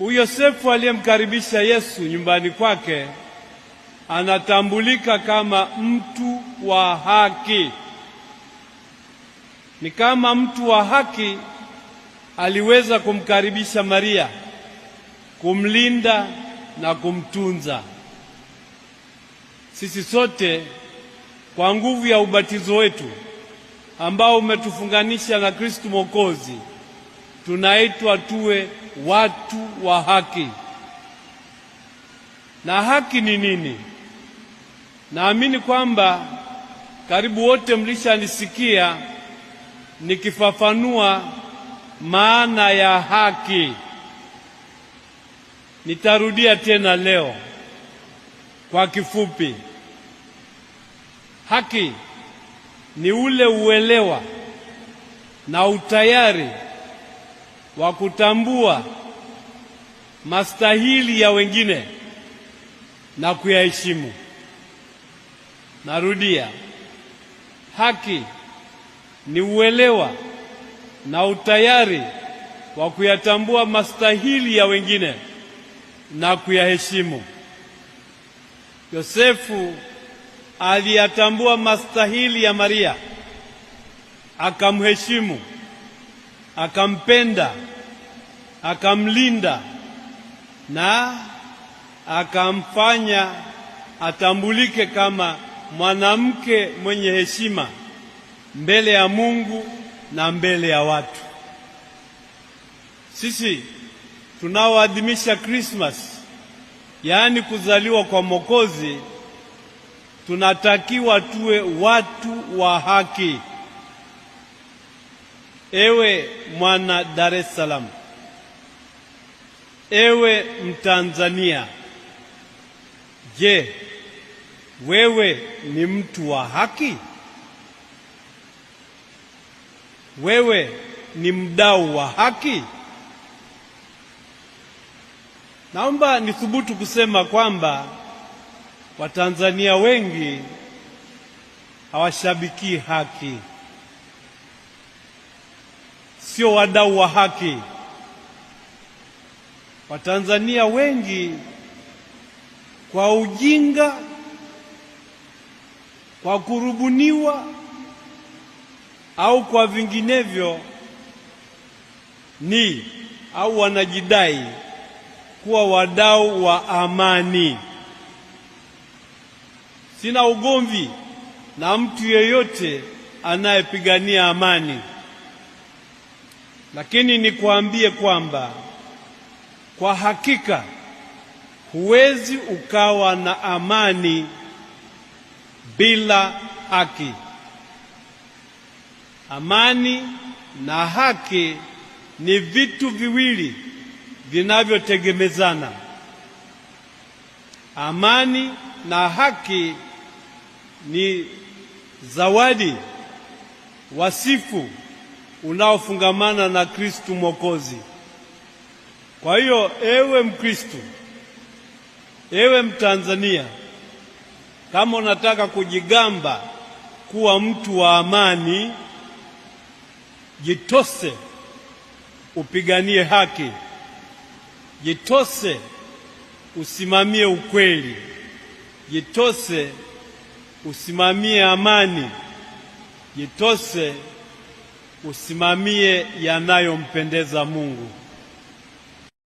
Huyo Yosefu aliyemkaribisha Yesu nyumbani kwake anatambulika kama mtu wa haki. Ni kama mtu wa haki aliweza kumkaribisha Maria, kumlinda na kumtunza. Sisi sote kwa nguvu ya ubatizo wetu ambao umetufunganisha na Kristo Mwokozi tunaitwa tuwe watu wa haki. Na haki ni nini? Naamini kwamba karibu wote mlishanisikia nikifafanua maana ya haki. Nitarudia tena leo kwa kifupi. Haki ni ule uelewa na utayari wa kutambua mastahili ya wengine na kuyaheshimu. Narudia, haki ni uelewa na utayari wa kuyatambua mastahili ya wengine na kuyaheshimu. Yosefu aliyatambua mastahili ya Maria akamheshimu akampenda akamlinda na akamfanya atambulike kama mwanamke mwenye heshima mbele ya Mungu na mbele ya watu. Sisi tunaoadhimisha Krismas, yaani kuzaliwa kwa Mwokozi, tunatakiwa tuwe watu wa haki. Ewe mwana Dar es Salaam, ewe Mtanzania, je, wewe ni mtu wa haki? Wewe ni mdau wa haki? Naomba nithubutu kusema kwamba Watanzania wengi hawashabikii haki sio wadau wa haki. Watanzania wengi kwa ujinga, kwa kurubuniwa au kwa vinginevyo ni au wanajidai kuwa wadau wa amani. Sina ugomvi na mtu yeyote anayepigania amani. Lakini nikuambie kwamba kwa hakika huwezi ukawa na amani bila haki. Amani na haki ni vitu viwili vinavyotegemezana. Amani na haki ni zawadi, wasifu unaofungamana na Kristu Mwokozi. Kwa hiyo ewe Mkristu, ewe Mtanzania, kama unataka kujigamba kuwa mtu wa amani, jitose upiganie haki, jitose usimamie ukweli, jitose usimamie amani, jitose usimamie yanayompendeza Mungu.